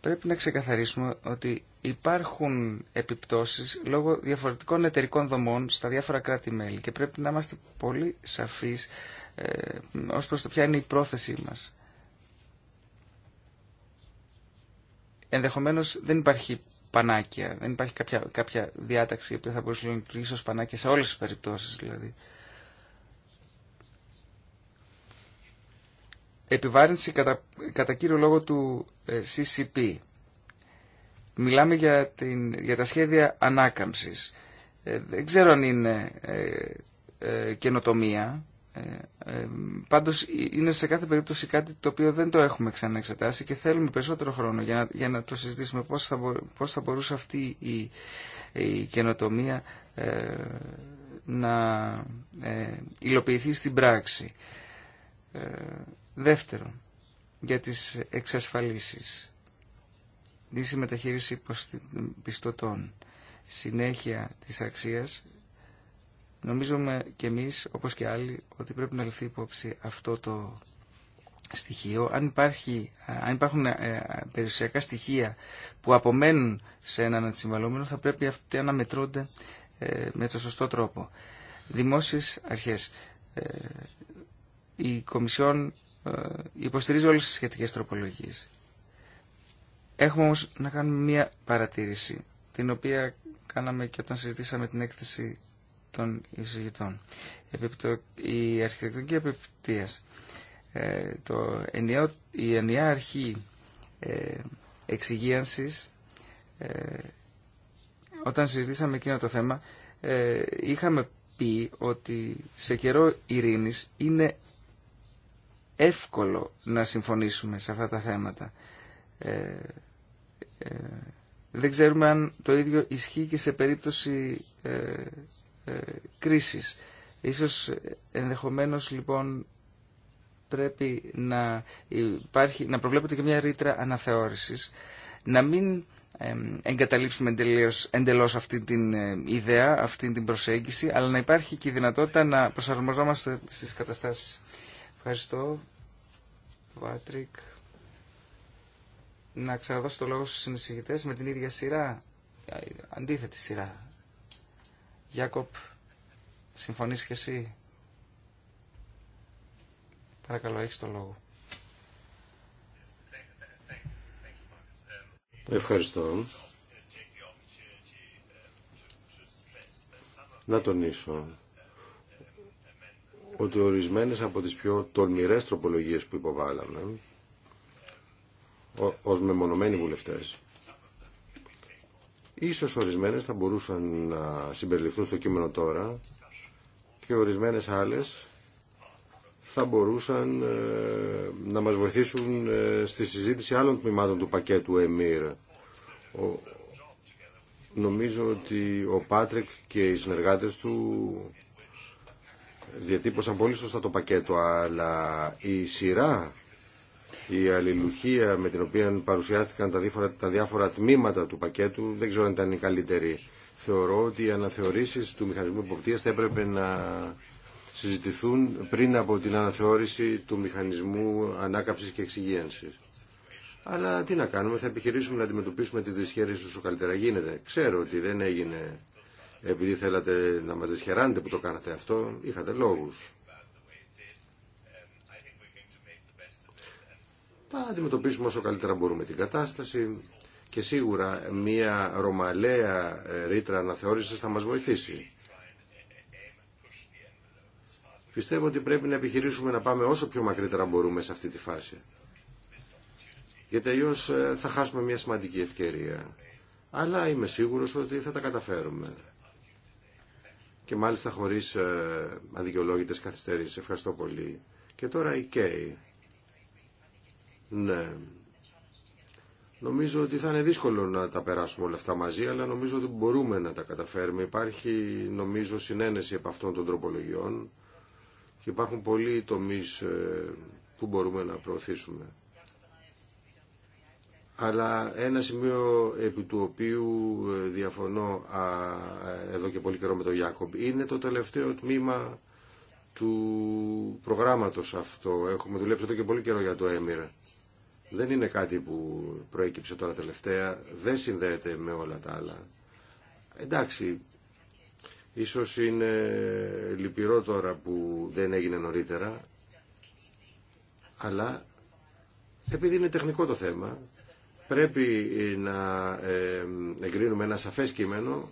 Πρέπει να ξεκαθαρίσουμε ότι υπάρχουν επιπτώσεις λόγω διαφορετικών εταιρικών δομών στα διάφορα κράτη-μέλη και πρέπει να είμαστε πολύ σαφείς ε, ως προς το ποια είναι η πρόθεσή μας. Ενδεχομένως δεν υπάρχει πανάκια. Δεν υπάρχει κάποια, κάποια διάταξη που θα μπορούσε να λειτουργήσει ω πανάκια σε όλες τις περιπτώσεις δηλαδή. Επιβάρυνση κατά, κατά κύριο λόγο του ε, CCP. Μιλάμε για, την, για τα σχέδια ανάκαμψης. Ε, δεν ξέρω αν είναι ε, ε καινοτομία ε, ε, πάντως είναι σε κάθε περίπτωση κάτι το οποίο δεν το έχουμε ξαναεξετάσει και θέλουμε περισσότερο χρόνο για να, το συζητήσουμε πώς θα, μπορούσε αυτή η, η καινοτομία ε, να ε, υλοποιηθεί στην πράξη. Δεύτερον, για τις εξασφαλίσεις, τη μεταχείριση πιστωτών, συνέχεια της αξίας Νομίζουμε και εμείς, όπως και άλλοι, ότι πρέπει να ληφθεί υπόψη αυτό το στοιχείο. Αν, υπάρχει, αν υπάρχουν ε, περιουσιακά στοιχεία που απομένουν σε έναν αντισυμβαλόμενο, θα πρέπει αυτοί να μετρούνται ε, με το σωστό τρόπο. Δημόσιες αρχές. Ε, η Κομισιόν υποστηρίζει όλες τις σχετικές τροπολογίες. Έχουμε όμως να κάνουμε μία παρατήρηση, την οποία κάναμε και όταν συζητήσαμε την έκθεση των εισηγητών. Η αρχιτεκτονική επιπτία. Ε, το ενιαίο, η ενιαία αρχή ε, εξυγίανσης ε, όταν συζητήσαμε εκείνο το θέμα ε, είχαμε πει ότι σε καιρό ειρήνης είναι εύκολο να συμφωνήσουμε σε αυτά τα θέματα. Ε, ε δεν ξέρουμε αν το ίδιο ισχύει και σε περίπτωση ε, κρίσης. Ίσως ενδεχομένως λοιπόν πρέπει να, υπάρχει, να προβλέπεται και μια ρήτρα αναθεώρησης, να μην εγκαταλείψουμε εντελώς, εντελώς αυτή την ε, ιδέα, αυτή την προσέγγιση, αλλά να υπάρχει και η δυνατότητα να προσαρμοζόμαστε στις καταστάσεις. Ευχαριστώ, Βάτρικ. Να ξαναδώσω το λόγο στους συνεισηγητές με την ίδια σειρά, ε, αντίθετη σειρά Γιάκοπ, συμφωνείς και εσύ. Παρακαλώ, έχεις το λόγο. Ευχαριστώ. Να τονίσω ότι ορισμένες από τις πιο τολμηρές τροπολογίες που υποβάλαμε ως μεμονωμένοι βουλευτές Ίσως ορισμένες θα μπορούσαν να συμπεριληφθούν στο κείμενο τώρα και ορισμένες άλλες θα μπορούσαν ε, να μας βοηθήσουν ε, στη συζήτηση άλλων τμήματων του πακέτου ΕΜΙΡ. Νομίζω ότι ο Πάτρικ και οι συνεργάτες του διατύπωσαν πολύ σωστά το πακέτο, αλλά η σειρά η αλληλουχία με την οποία παρουσιάστηκαν τα διάφορα, τα διάφορα τμήματα του πακέτου δεν ξέρω αν ήταν η καλύτερη. Θεωρώ ότι οι αναθεωρήσει του μηχανισμού υποπτίας θα έπρεπε να συζητηθούν πριν από την αναθεώρηση του μηχανισμού ανάκαψης και εξυγίανση. Αλλά τι να κάνουμε, θα επιχειρήσουμε να αντιμετωπίσουμε τι δυσχέρειε όσο καλύτερα γίνεται. Ξέρω ότι δεν έγινε επειδή θέλατε να μα δυσχεράνετε που το κάνατε αυτό, είχατε λόγου. θα αντιμετωπίσουμε όσο καλύτερα μπορούμε την κατάσταση και σίγουρα μια ρωμαλαία ε, ρήτρα αναθεώρησης θα μας βοηθήσει. Πιστεύω ότι πρέπει να επιχειρήσουμε να πάμε όσο πιο μακρύτερα μπορούμε σε αυτή τη φάση. Γιατί αλλιώ ε, θα χάσουμε μια σημαντική ευκαιρία. Αλλά είμαι σίγουρος ότι θα τα καταφέρουμε. Και μάλιστα χωρίς ε, αδικαιολόγητες καθυστερήσεις. Ευχαριστώ πολύ. Και τώρα η ΚΕΙ. Ναι. Νομίζω ότι θα είναι δύσκολο να τα περάσουμε όλα αυτά μαζί, αλλά νομίζω ότι μπορούμε να τα καταφέρουμε. Υπάρχει, νομίζω, συνένεση από αυτών των τροπολογιών και υπάρχουν πολλοί τομείς ε, που μπορούμε να προωθήσουμε. Αλλά ένα σημείο επί του οποίου ε, διαφωνώ α, εδώ και πολύ καιρό με τον Ιάκομπ είναι το τελευταίο τμήμα του προγράμματος αυτό. Έχουμε δουλέψει εδώ και πολύ καιρό για το Έμιρα δεν είναι κάτι που προέκυψε τώρα τελευταία, δεν συνδέεται με όλα τα άλλα. Εντάξει, ίσως είναι λυπηρό τώρα που δεν έγινε νωρίτερα, αλλά επειδή είναι τεχνικό το θέμα, πρέπει να ε, εγκρίνουμε ένα σαφές κείμενο,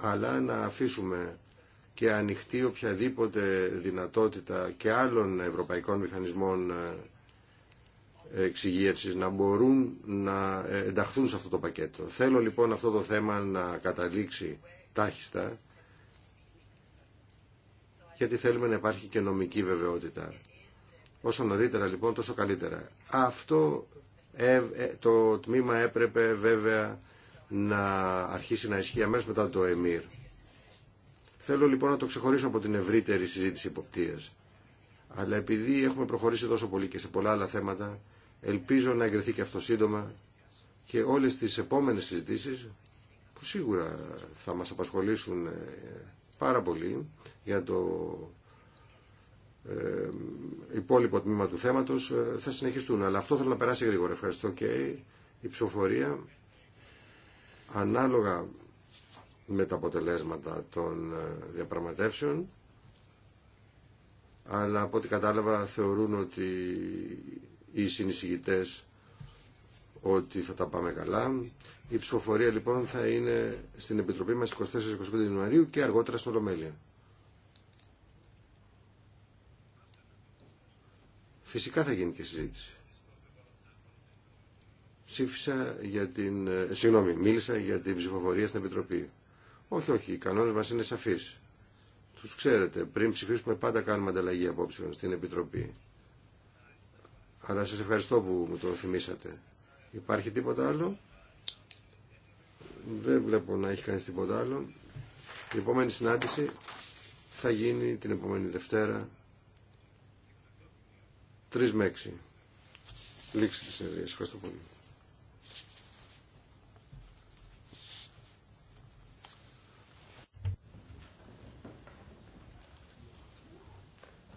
αλλά να αφήσουμε και ανοιχτή οποιαδήποτε δυνατότητα και άλλων ευρωπαϊκών μηχανισμών ε, να μπορούν να ε, ενταχθούν σε αυτό το πακέτο. Θέλω λοιπόν αυτό το θέμα να καταλήξει τάχιστα γιατί θέλουμε να υπάρχει και νομική βεβαιότητα. Όσο νωρίτερα λοιπόν τόσο καλύτερα. Αυτό ε, ε, το τμήμα έπρεπε βέβαια να αρχίσει να ισχύει αμέσως μετά το ΕΜΙΡ. Θέλω λοιπόν να το ξεχωρίσω από την ευρύτερη συζήτηση υποπτίας. Αλλά επειδή έχουμε προχωρήσει τόσο πολύ και σε πολλά άλλα θέματα, Ελπίζω να εγκριθεί και αυτό σύντομα και όλες τις επόμενες συζητήσεις που σίγουρα θα μας απασχολήσουν ε, πάρα πολύ για το ε, υπόλοιπο τμήμα του θέματος ε, θα συνεχιστούν. Αλλά αυτό θέλω να περάσει γρήγορα. Ευχαριστώ και η ψηφοφορία ανάλογα με τα αποτελέσματα των διαπραγματεύσεων αλλά από ό,τι κατάλαβα θεωρούν ότι οι συνεισηγητές ότι θα τα πάμε καλά. Η ψηφοφορία λοιπόν θα είναι στην Επιτροπή μας 24-25 Ιανουαρίου και αργότερα στο Ολομέλεια. Φυσικά θα γίνει και συζήτηση. Ψήφισα για την... Ε, συγγνώμη, μίλησα για την ψηφοφορία στην Επιτροπή. Όχι, όχι, οι κανόνες μας είναι σαφείς. Τους ξέρετε, πριν ψηφίσουμε πάντα κάνουμε ανταλλαγή απόψεων στην Επιτροπή. Αλλά σας ευχαριστώ που μου το θυμήσατε. Υπάρχει τίποτα άλλο. Δεν βλέπω να έχει κανείς τίποτα άλλο. Η επόμενη συνάντηση θα γίνει την επόμενη Δευτέρα 3 με 6. Λήξη της συνεδρίας. Ευχαριστώ πολύ.